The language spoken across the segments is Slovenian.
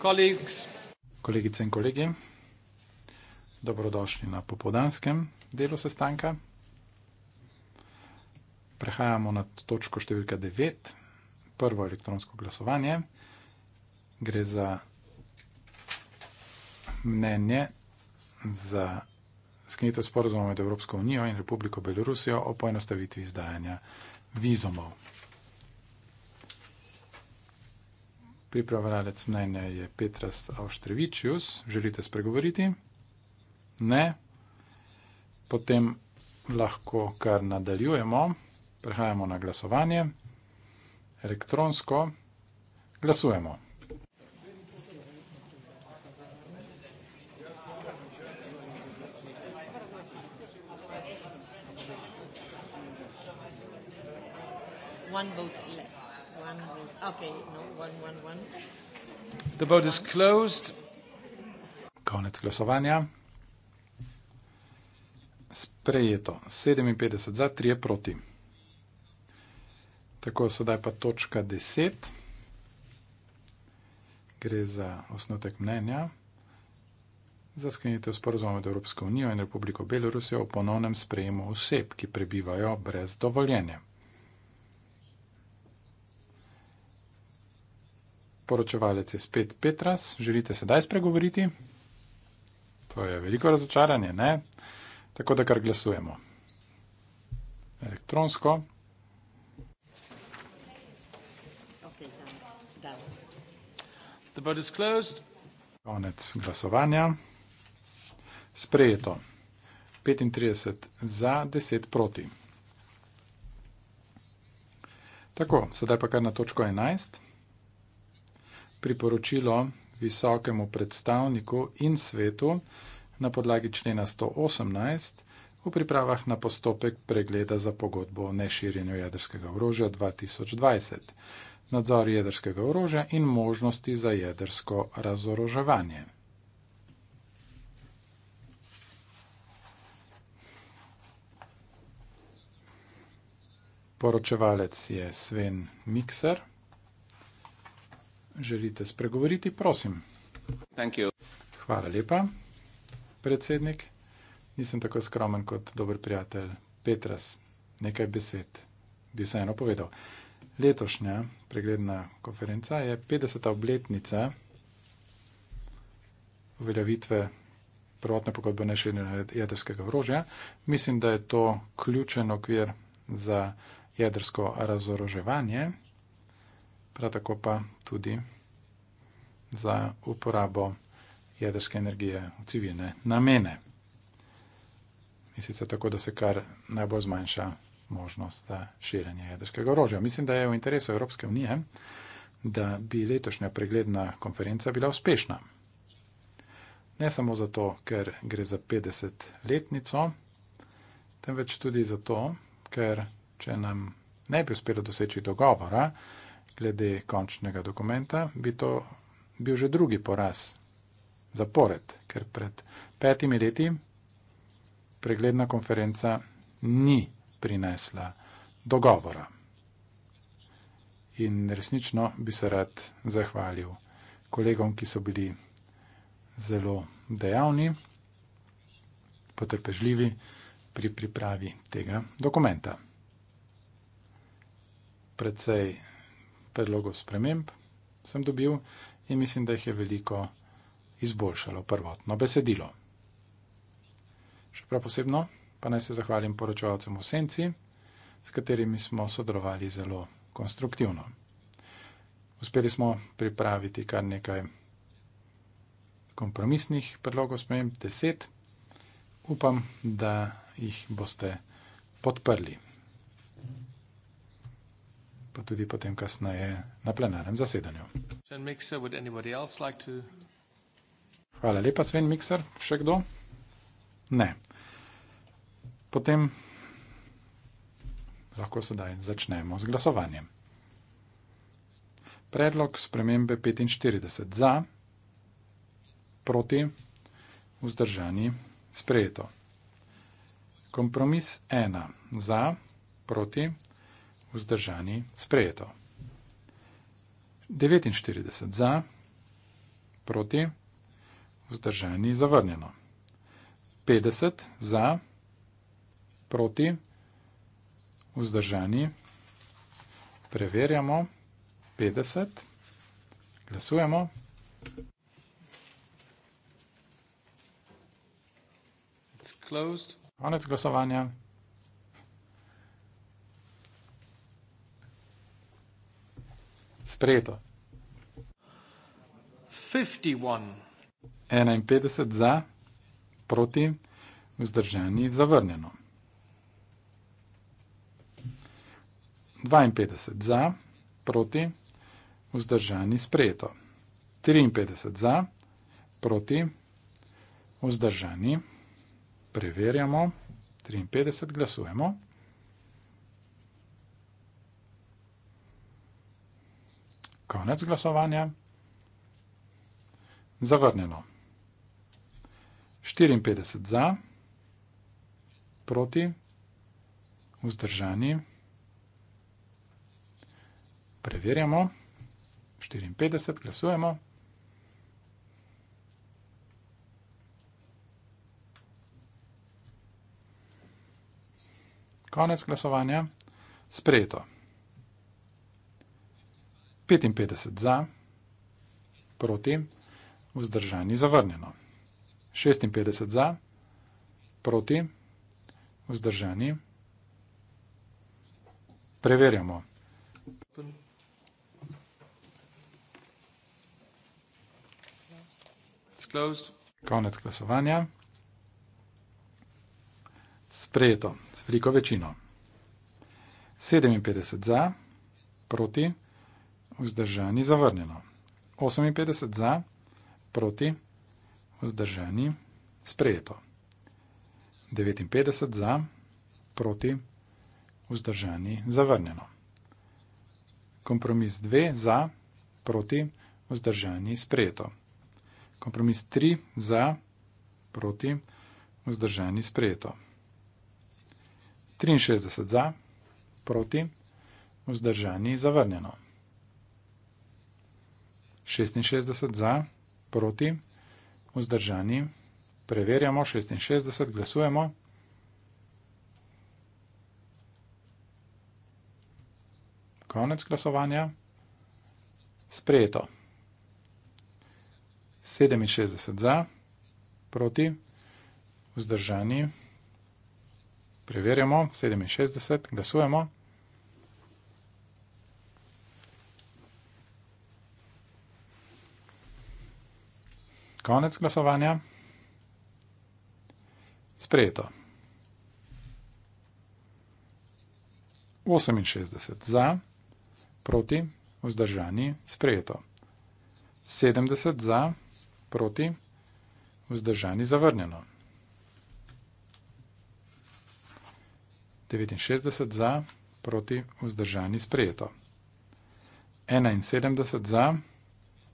colleagues. Kolegice in kolegi, dobrodošli na popodanskem delu sestanka. Prehajamo na točko številka 9, prvo elektronsko glasovanje. Gre za mnenje za sklenitev sporozuma med Evropsko unijo in Republiko Belorusijo o poenostavitvi izdajanja vizumov. Pripravljalec mnenja je Petrast Avštrevičius. Želite spregovoriti? Ne. Potem lahko kar nadaljujemo. Prehajamo na glasovanje. Elektronsko glasujemo. One vote left. One vote. Okay. No. The vote is closed. Konec glasovanja. Sprejeto. 57 za, 3 proti. Tako, sedaj pa točka 10. Gre za osnotek mnenja. Za sklenitev sporozuma med Evropsko unijo in Republiko Belorusijo o ponovnem sprejemu oseb, ki prebivajo brez dovoljenja. poročevalec je spet Petras, želite sedaj spregovoriti? To je veliko razočaranje, ne? Tako da kar glasujemo. Elektronsko. Konec glasovanja. Sprejeto. 35 za, 10 proti. Tako, sedaj pa kar na točko 11 priporočilo visokemu predstavniku in svetu na podlagi člena 118 v pripravah na postopek pregleda za pogodbo o neširjenju jedrskega orožja 2020, nadzor jedrskega orožja in možnosti za jedrsko razoroževanje. Poročevalec je Sven Mikser želite spregovoriti, prosim. Hvala lepa, predsednik. Nisem tako skromen kot dober prijatelj Petras. Nekaj besed bi vseeno povedal. Letošnja pregledna konferenca je 50. obletnica uveljavitve prvotne pogodbe neširjenja jedrskega orožja. Mislim, da je to ključen okvir za jedrsko razoroževanje prav tako pa tudi za uporabo jedrske energije v civilne namene. Mislice tako, da se kar najbolj zmanjša možnost za širjenje jedrskega orožja. Mislim, da je v interesu Evropske unije, da bi letošnja pregledna konferenca bila uspešna. Ne samo zato, ker gre za 50-letnico, temveč tudi zato, ker če nam ne bi uspelo doseči dogovora, glede končnega dokumenta, bi to bil že drugi poraz zapored, ker pred petimi leti pregledna konferenca ni prinesla dogovora. In resnično bi se rad zahvalil kolegom, ki so bili zelo dejavni, potrpežljivi pri pripravi tega dokumenta. Predvsej predlogov sprememb sem dobil in mislim, da jih je veliko izboljšalo prvotno besedilo. Še prav posebno pa naj se zahvalim poročevalcem v senci, s katerimi smo sodelovali zelo konstruktivno. Uspeli smo pripraviti kar nekaj kompromisnih predlogov sprememb, deset. Upam, da jih boste podprli pa tudi potem kasneje na plenarnem zasedanju. Hvala lepa, Sven Mikser. Še kdo? Ne. Potem lahko sedaj začnemo z glasovanjem. Predlog spremembe 45 za, proti, vzdržani, sprejeto. Kompromis 1 za, proti, vzdržani sprejeto. 49 za, proti, vzdržani zavrnjeno. 50 za, proti, vzdržani, preverjamo, 50, glasujemo. It's closed. Konec glasovanja. sprejeto. 51 za, proti, vzdržani, zavrnjeno. 52 za, proti, vzdržani, sprejeto. 53 za, proti, vzdržani, preverjamo. 53 glasujemo. Konec glasovanja. Zavrnjeno. 54 za, proti, vzdržani. Preverjamo. 54, glasujemo. Konec glasovanja. Sprejeto. 55 za, proti, vzdržani zavrnjeno. 56 za, proti, vzdržani. Preverjamo. Konec glasovanja. Sprejeto, s veliko večino. 57 za, proti, vzdržani vzdržani, zavrnjeno. 58 za, proti, vzdržani, sprejeto. 59 za, proti, vzdržani, zavrnjeno. Kompromis 2 za, proti, vzdržani, sprejeto. Kompromis 3 za, proti, vzdržani, sprejeto. 63 za, proti, vzdržani, zavrnjeno. 66 za, proti, vzdržani. Preverjamo 66, glasujemo. Konec glasovanja. Sprejeto. 67 za, proti, vzdržani. Preverjamo 67, glasujemo. konec glasovanja. Sprejeto. 68 za, proti, vzdržani, sprejeto. 70 za, proti, vzdržani, zavrnjeno. 69 za, proti, vzdržani, sprejeto. 71 za,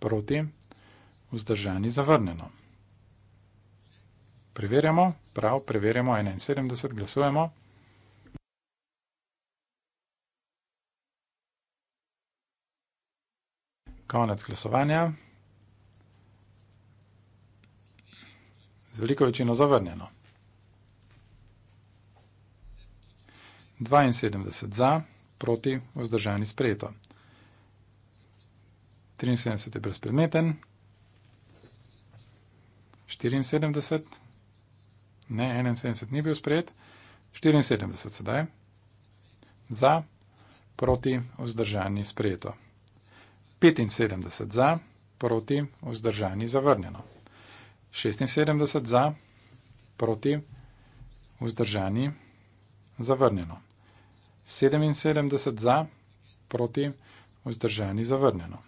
proti, vzdržani, sprejeto vzdržani zavrnjeno. Preverjamo, prav, preverjamo 71, glasujemo. Konec glasovanja. Z veliko večino zavrnjeno. 72 za, proti, vzdržani sprejeto. 73 je brezpredmeten, 74, ne 71 ni bil sprejet, 74 sedaj, za, proti, vzdržani, sprejeto. 75 za, proti, vzdržani, zavrnjeno. 76 za, proti, vzdržani, zavrnjeno. 77 za, proti, vzdržani, zavrnjeno.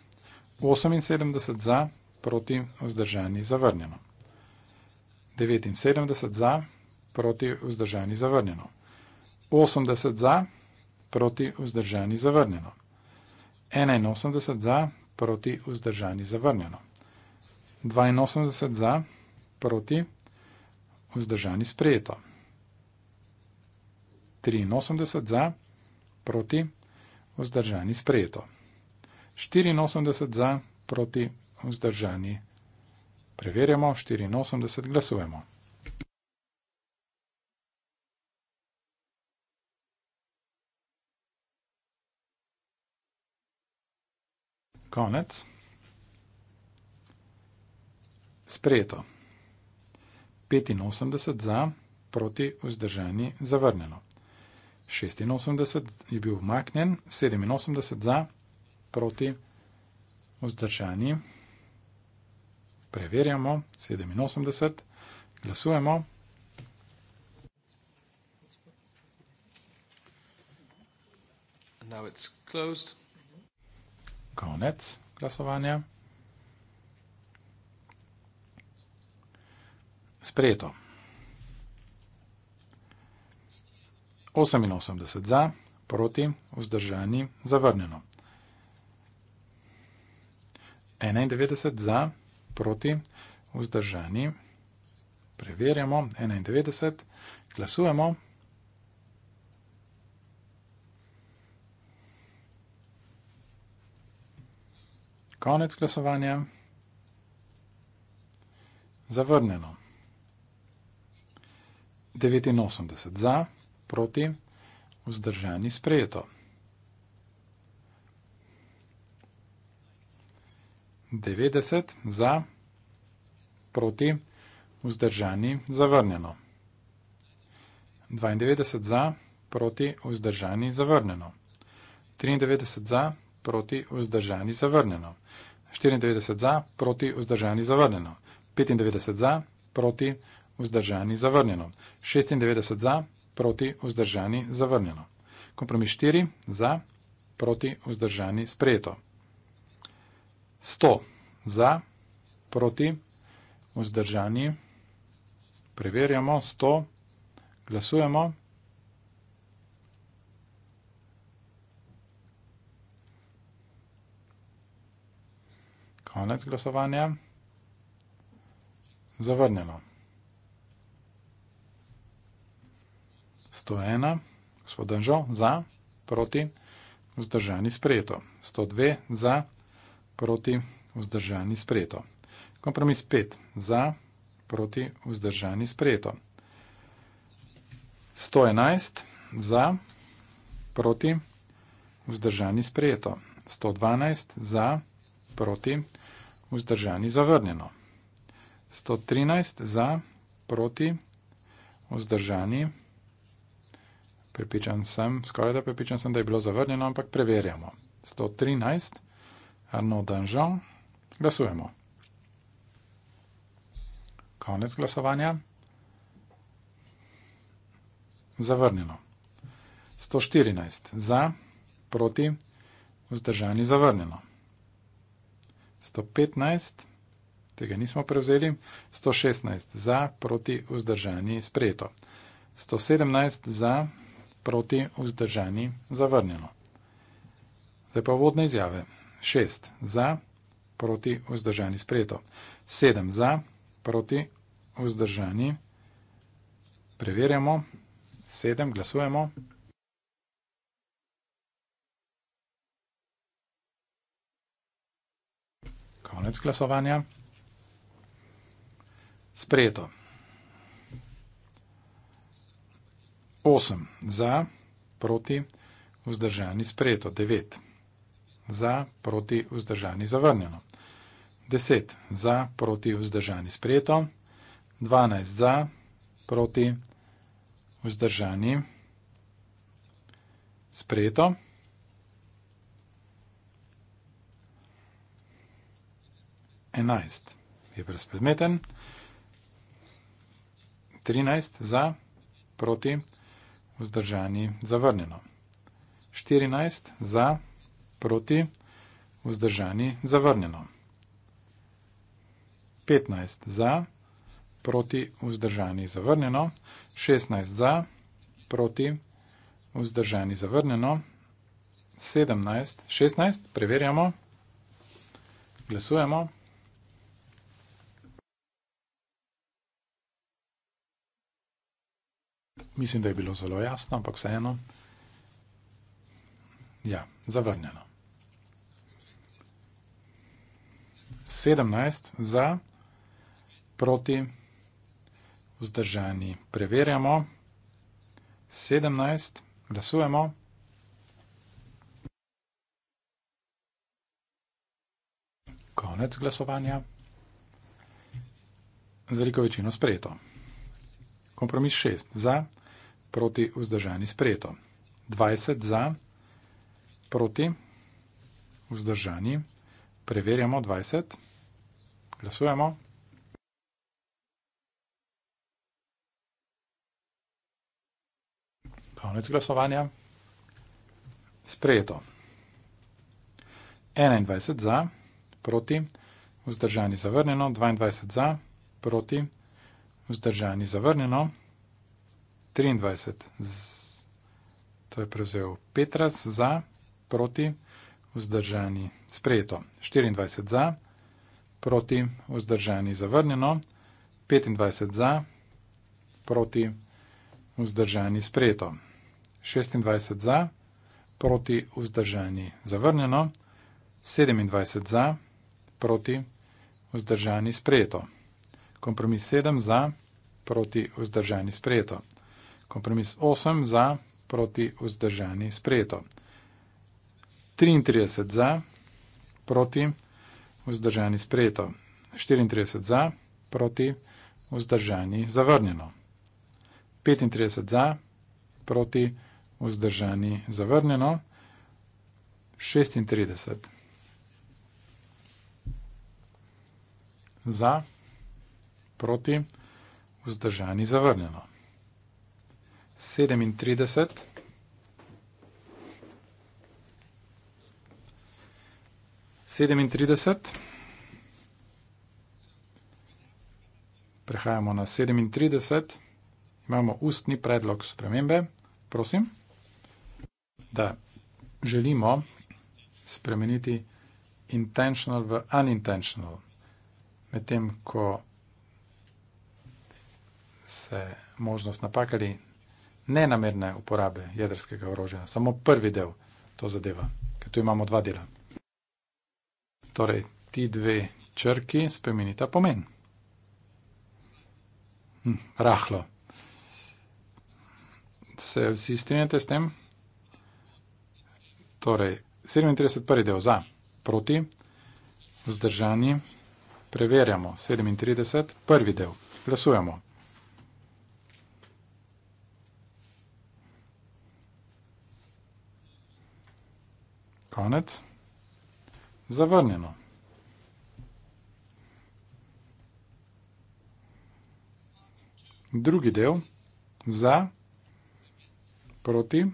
78 za, proti, vzdržani, zavrnjeno. 79 za, proti vzdržani zavrnjeno. 80 za, proti vzdržani zavrnjeno. 81 za, proti vzdržani zavrnjeno. 82 za, proti vzdržani sprejeto. 83 za, proti vzdržani sprejeto. 84 za, proti vzdržani zavrnjeno. Preverjamo, 84 glasujemo. Konec. Sprejeto. 85 za, proti vzdržani zavrnjeno. 86 je bil umaknjen, 87 za, proti vzdržani zavrnjeno. Preverjamo 87, glasujemo. Now it's closed. Konec glasovanja. Sprejeto. 88 za, proti, vzdržani, zavrnjeno. 91 za proti, vzdržani. Preverjamo, 91, glasujemo. Konec glasovanja. Zavrnjeno. 89 za, proti, vzdržani, sprejeto. 90 za, proti, vzdržani, zavrnjeno. 92 za, proti, vzdržani, zavrnjeno. 93 za, proti, vzdržani, zavrnjeno. 94 za, proti, vzdržani, zavrnjeno. 95 za, proti, vzdržani, zavrnjeno. 96 za, proti, vzdržani, zavrnjeno. Kompromis 4 za, proti, vzdržani, sprejeto. 100 za, proti, vzdržani, preverjamo, 100, glasujemo. Konec glasovanja. Zavrnjeno. 101, gospod Danžo, za, proti, vzdržani, sprejeto. 102, za, proti, vzdržani sprejeto. Kompromis 5 za, proti, vzdržani sprejeto. 111 za, proti, vzdržani sprejeto. 112 za, proti, vzdržani zavrnjeno. 113 za, proti, vzdržani Pripičan sem, skoraj da pripičan sem, da je bilo zavrnjeno, ampak preverjamo. 113 za, proti, vzdržani sprejeto. Arnaud Danjean. Glasujemo. Konec glasovanja. Zavrnjeno. 114 za, proti, vzdržani zavrnjeno. 115, tega nismo prevzeli, 116 za, proti, vzdržani sprejeto. 117 za, proti, vzdržani zavrnjeno. Zdaj pa vodne izjave. 6 za, proti vzdržani sprejeto. 7 za, proti vzdržani. Preverjamo. 7 glasujemo. Konec glasovanja. Sprejeto. 8 za, proti vzdržani sprejeto. 9 za, proti, vzdržani, zavrnjeno. 10 za, proti, vzdržani, sprejeto. 12 za, proti, vzdržani, sprejeto. 11 je brezpredmeten. 13 za, proti, vzdržani, zavrnjeno. 14 za, proti, vzdržani, zavrnjeno proti, vzdržani, zavrnjeno. 15 za, proti, vzdržani, zavrnjeno. 16 za, proti, vzdržani, zavrnjeno. 17, 16, preverjamo, glasujemo. Mislim, da je bilo zelo jasno, ampak vseeno. Ja, zavrnjeno. 17 za, proti vzdržani. Preverjamo. 17, glasujemo. Konec glasovanja. Z veliko večino sprejeto. Kompromis 6 za, proti vzdržani sprejeto. 20 za, proti vzdržani sprejeto. Preverjamo 20. Glasujemo. Konec glasovanja. Sprejeto. 21 za, proti, vzdržani zavrnjeno, 22 za, proti, vzdržani zavrnjeno, 23 z, to je prevzel Petras za, proti, vzdržani zavrnjeno, vzdržani, sprejeto 24 za, proti vzdržani, zavrnjeno 25 za, proti vzdržani, sprejeto 26 za, proti vzdržani, zavrnjeno 27 za, proti vzdržani, sprejeto kompromis 7 za, proti vzdržani, sprejeto kompromis 8 za, proti vzdržani, sprejeto. 33 za, proti, vzdržani sprejeto. 34 za, proti, vzdržani zavrnjeno. 35 za, proti, vzdržani zavrnjeno. 36 za, proti, vzdržani zavrnjeno. 37 za, proti, vzdržani zavrnjeno. 37. Prehajamo na 37. Imamo ustni predlog spremembe. Prosim, da želimo spremeniti intentional v unintentional. Medtem ko se možnost napak ali nenamerne uporabe jedrskega orožja, samo prvi del to zadeva, ker tu imamo dva dela. Torej, ti dve črki spremenita pomen. Hm, rahlo. Se vsi strinjate s tem? Torej, 37 prvi del za, proti, vzdržani, preverjamo. 37 prvi del, glasujemo. Konec zavrnjeno. Drugi del za, proti,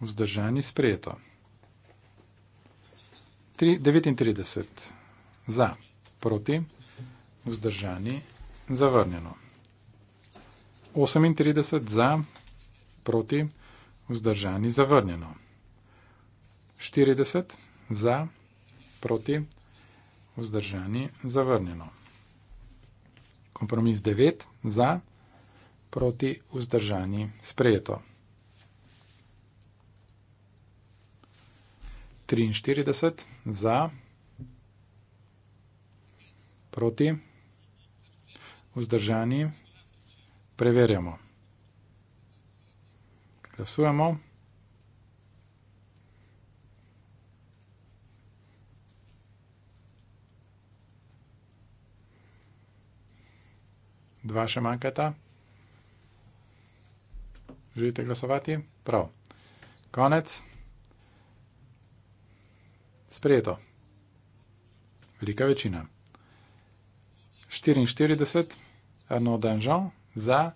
vzdržani sprejeto. 39 za, proti, vzdržani zavrnjeno. 38 za, proti, vzdržani zavrnjeno. 40 za, proti, proti, vzdržani, zavrnjeno. Kompromis 9 za, proti, vzdržani, sprejeto. 43 za, proti, vzdržani, preverjamo. Glasujemo. Dva še manjkata. Želite glasovati? Prav. Konec. Sprejeto. Velika večina. 44, Arno Danžo, za,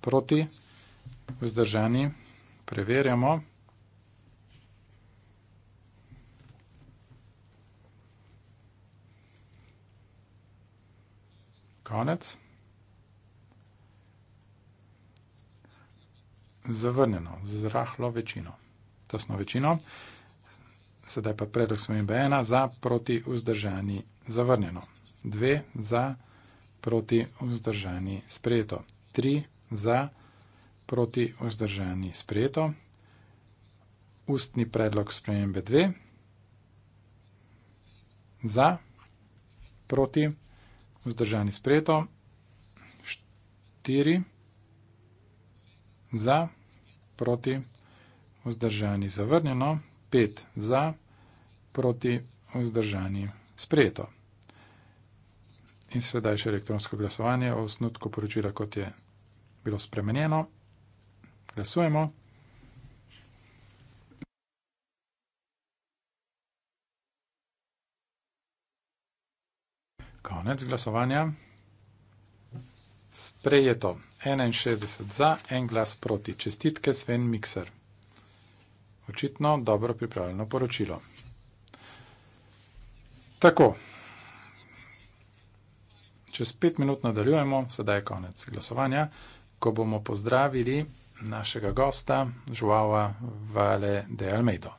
proti, vzdržani, preverjamo. Konec. zavrnjeno z rahlo večino. Tesno večino, sedaj pa predlog spremembe ena za proti vzdržani zavrnjeno, dve za proti vzdržani sprejeto, tri za proti vzdržani sprejeto, ustni predlog spremembe dve za proti vzdržani sprejeto, štiri za, proti, vzdržani, zavrnjeno, pet za, proti, vzdržani, sprejeto. In sedaj še elektronsko glasovanje o osnutku poročila, kot je bilo spremenjeno. Glasujemo. Konec glasovanja. Sprejeto. 61 za, en glas proti. Čestitke, Sven Mikser. Očitno dobro pripravljeno poročilo. Tako. Čez pet minut nadaljujemo, sedaj je konec glasovanja, ko bomo pozdravili našega gosta, Žuava Vale de Almeida.